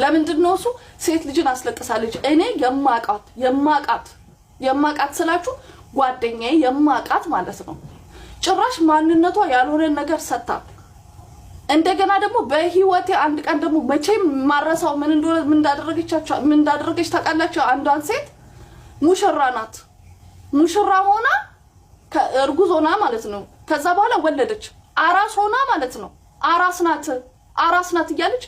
ለምንድን ነው እሱ ሴት ልጅን አስለቅሳለች? እኔ የማቃት የማቃት የማቃት ስላችሁ ጓደኛዬ የማቃት ማለት ነው። ጭራሽ ማንነቷ ያልሆነ ነገር ሰጥታ እንደገና ደግሞ በህይወቴ አንድ ቀን ደግሞ መቼም ማረሳው ምን እንደሆነ ምን እንዳደረገች ታውቃላችሁ? አንዷን ሴት ሙሽራ ናት ሙሽራ ሆና እርጉዝ ሆና ማለት ነው። ከዛ በኋላ ወለደች። አራስ ሆና ማለት ነው። አራስ ናት አራስ ናት እያለች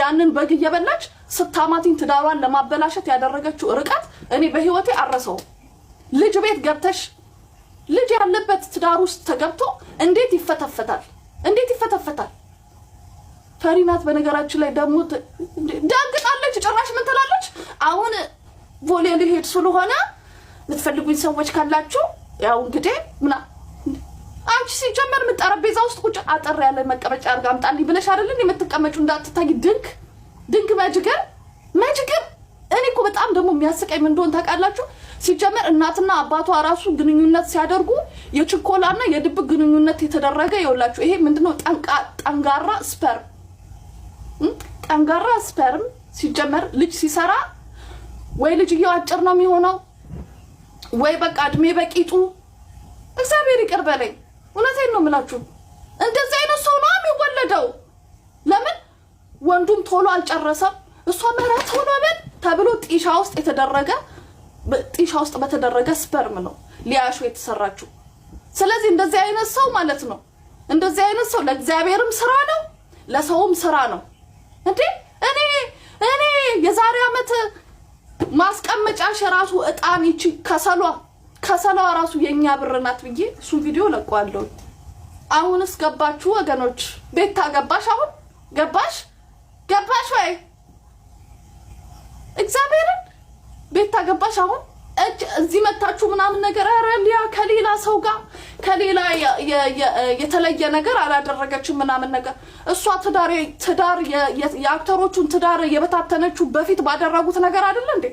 ያንን በግ እየበላች ስታማቲን ትዳሯን ለማበላሸት ያደረገችው ርቀት እኔ በህይወቴ አረሰው። ልጅ ቤት ገብተሽ ልጅ ያለበት ትዳር ውስጥ ተገብቶ እንዴት ይፈተፈታል? እንዴት ይፈተፈታል? ፈሪናት በነገራችን ላይ ደግሞ ደንግጣለች። ጭራሽ ምን ትላለች? አሁን ቦሌ ልሄድ ስለሆነ የምትፈልጉኝ ሰዎች ካላችሁ ያው እንግዲህ ምና አንቺ ሲጀመር ጠረጴዛ ውስጥ ቁጭ አጠር ያለ መቀመጫ አድርጋ አምጣልኝ ብለሽ አይደለን የምትቀመጩ እንዳትታይ። ድንክ ድንክ መጅገር መጅገር። እኔ እኮ በጣም ደግሞ የሚያስቀኝ ምን እንደሆነ ታውቃላችሁ? ሲጀመር እናትና አባቷ ራሱ ግንኙነት ሲያደርጉ የችኮላና የድብቅ ግንኙነት የተደረገ ይኸውላችሁ፣ ይሄ ምንድነው ጠንጋራ ስፐርም ጠንጋራ ስፐርም ሲጀመር ልጅ ሲሰራ ወይ ልጅየው አጭር ነው የሚሆነው ወይ በቃ እድሜ በቂጡ እግዚአብሔር ይቅር በለኝ። እውነቴን ነው የምላችሁ። እንደዚህ አይነት ሰው ነው የሚወለደው። ለምን ወንዱም ቶሎ አልጨረሰም፣ እሷ ምህረት ሆኖ ምን ተብሎ ጢሻ ውስጥ የተደረገ ጢሻ ውስጥ በተደረገ ስፐርም ነው ሊያሹ የተሰራችው። ስለዚህ እንደዚህ አይነት ሰው ማለት ነው እንደዚህ አይነት ሰው ለእግዚአብሔርም ስራ ነው ለሰውም ስራ ነው። እንዴ እኔ እኔ የዛሬ አመት ማስቀመጫሽ ራሱ እጣን ይቺ ከሰሏ ከሰላዋ ራሱ የእኛ ብር ናት ብዬ እሱን ቪዲዮ ለቋለሁ። አሁንስ ገባችሁ ወገኖች? ቤታ ገባሽ? አሁን ገባሽ? ገባሽ ወይ እግዚአብሔርን ቤታ ገባሽ? አሁን እጅ እዚህ መታችሁ ምናምን ነገር ኧረ ሊያ ከሌላ ሰው ጋር ከሌላ የተለየ ነገር አላደረገችም ምናምን ነገር እሷ ትዳር ትዳር የአክተሮቹን ትዳር የበታተነችው በፊት ባደረጉት ነገር አይደለ እንዴ?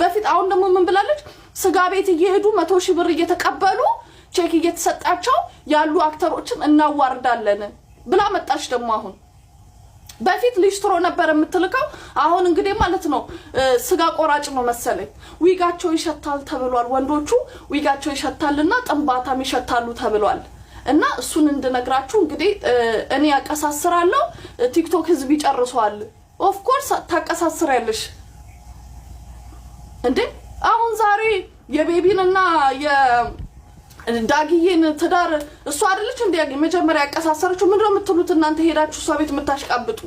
በፊት አሁን ደግሞ ምን ብላለች? ስጋ ቤት እየሄዱ መቶ ሺህ ብር እየተቀበሉ ቼክ እየተሰጣቸው ያሉ አክተሮችን እናዋርዳለን ብላ መጣች። ደግሞ አሁን በፊት ሊስትሮ ነበር የምትልከው። አሁን እንግዲህ ማለት ነው ስጋ ቆራጭ ነው መሰለኝ። ዊጋቸው ይሸታል ተብሏል። ወንዶቹ ዊጋቸው ይሸታልና ጥንባታም ይሸታሉ ተብሏል። እና እሱን እንድነግራችሁ እንግዲህ እኔ ያቀሳስራለሁ። ቲክቶክ ህዝብ ይጨርሰዋል። ኦፍኮርስ ታቀሳስር ያለሽ እንዴ አሁን ዛሬ የቤቢንና የዳግዬን ትዳር እሷ አይደለች እንዲ መጀመሪያ ያቀሳሰረችው ምንድነው የምትሉት እናንተ ሄዳችሁ እሷ ቤት የምታሽቃብጡ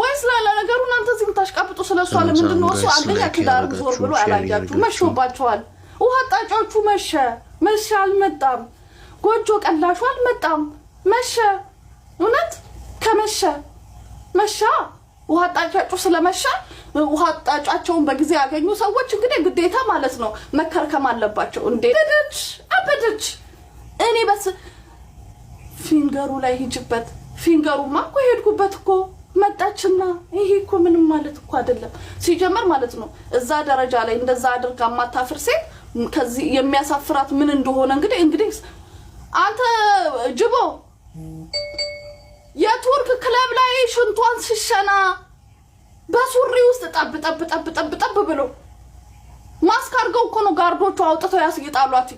ወይስ ላላ ነገሩ እናንተ እዚህ የምታሽቃብጡ ስለ እሷ ለምንድን ነው እሱ አንደኛ ትዳር ዞር ብሎ ያላያችሁ መሽቶባችኋል ውሃ ጣጫዎቹ መሸ መሸ አልመጣም ጎጆ ቀላሹ አልመጣም መሸ እውነት ከመሸ መሻ ውሃ ጣጫጩ ስለመሸ ውሃ ጣጫቸውን በጊዜ ያገኙ ሰዎች እንግዲህ ግዴታ ማለት ነው መከርከም አለባቸው። እንዴ ብድች አብድች እኔ በስ ፊንገሩ ላይ ሂጅበት። ፊንገሩማ እኮ ሄድኩበት እኮ መጣችና ይሄ እኮ ምንም ማለት እኮ አይደለም። ሲጀመር ማለት ነው እዛ ደረጃ ላይ እንደዛ አድርጋ ማታፍር ሴት ከዚህ የሚያሳፍራት ምን እንደሆነ እንግዲህ እንግዲህ አንተ ጅቦ የቱርክ ክለብ ላይ ሽንቷን ሲሸና በሱሪ ውስጥ ጠብ ጠብ ጠብ ጠብ ጠብ ብሎ ማስክ አድርገው እኮ ነው ጋርዶቹ አውጥተው ያስጌጣሏት።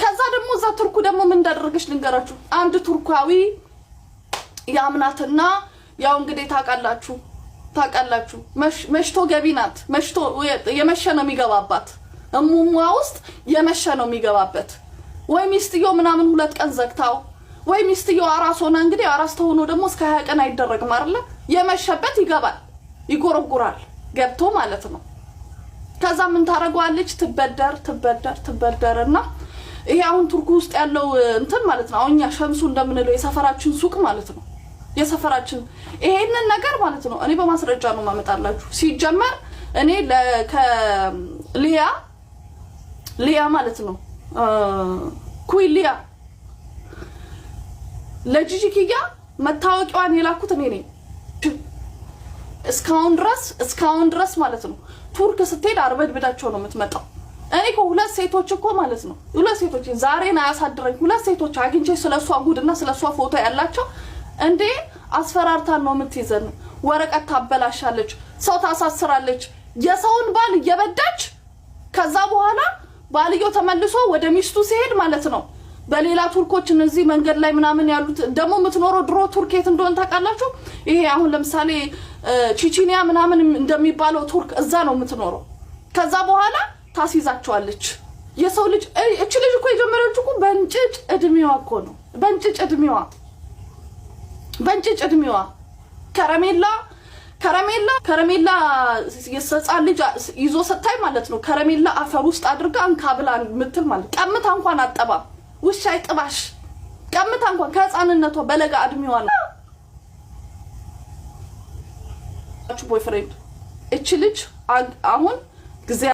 ከዛ ደግሞ እዛ ቱርኩ ደግሞ ምን እንዳደረገች ልንገራችሁ። አንድ ቱርካዊ ያምናትና ያው እንግዲህ ታውቃላችሁ ታውቃላችሁ መሽቶ ገቢ ናት። መሽቶ የመሸ ነው የሚገባባት እሙሟ ውስጥ የመሸ ነው የሚገባበት። ወይ ሚስትዮ ምናምን ሁለት ቀን ዘግታው ወይ ሚስትዮ አራስ ሆና እንግዲህ አራስ ተሆኖ ደግሞ እስከ ሀያ ቀን አይደረግም አይደለ? የመሸበት ይገባል። ይጎረጉራል ገብቶ ማለት ነው። ከዛ ምን ታደርገዋለች? ትበደር ትበደር ትበደር እና ይሄ አሁን ቱርክ ውስጥ ያለው እንትን ማለት ነው። አሁን እኛ ሸምሱ እንደምንለው የሰፈራችን ሱቅ ማለት ነው። የሰፈራችን ይሄንን ነገር ማለት ነው እኔ በማስረጃ ነው ማመጣላችሁ። ሲጀመር እኔ ከሊያ ሊያ ማለት ነው ኩይ ሊያ ኪያ መታወቂያዋን የላኩት እኔ ነኝ። እስካሁን ድረስ እስካሁን ድረስ ማለት ነው ቱርክ ስትሄድ አርበድብዳቸው ነው የምትመጣው። እኔ እኮ ሁለት ሴቶች እኮ ማለት ነው ሁለት ሴቶች ዛሬን አያሳድረኝ ሁለት ሴቶች አግኝቼ ስለሷ ጉድና ስለሷ ፎቶ ያላቸው እንዴ አስፈራርታን ነው የምትይዘን፣ ወረቀት ታበላሻለች፣ ሰው ታሳስራለች፣ የሰውን ባል እየበዳች ከዛ በኋላ ባልየው ተመልሶ ወደ ሚስቱ ሲሄድ ማለት ነው በሌላ ቱርኮች እነዚህ መንገድ ላይ ምናምን ያሉት ደግሞ የምትኖረው ድሮ ቱርክ የት እንደሆነ ታውቃላችሁ? ይሄ አሁን ለምሳሌ ቺቺኒያ ምናምን እንደሚባለው ቱርክ እዛ ነው የምትኖረው። ከዛ በኋላ ታስይዛቸዋለች። የሰው ልጅ እች ልጅ እኮ የጀመረች እኮ በእንጭጭ እድሜዋ እኮ ነው። በእንጭጭ እድሜዋ በእንጭጭ እድሜዋ ከረሜላ ከረሜላ ከረሜላ የህፃን ልጅ ይዞ ስታይ ማለት ነው ከረሜላ አፈር ውስጥ አድርጋ እንካ ብላ የምትል ማለት ቀምታ እንኳን አጠባም ውሻ ይጥባሽ። ቀምታ እንኳን ከህፃንነቷ በለጋ እድሜዋ ነው ቦይፍሬንድ እቺ ልጅ አሁን ጊዜ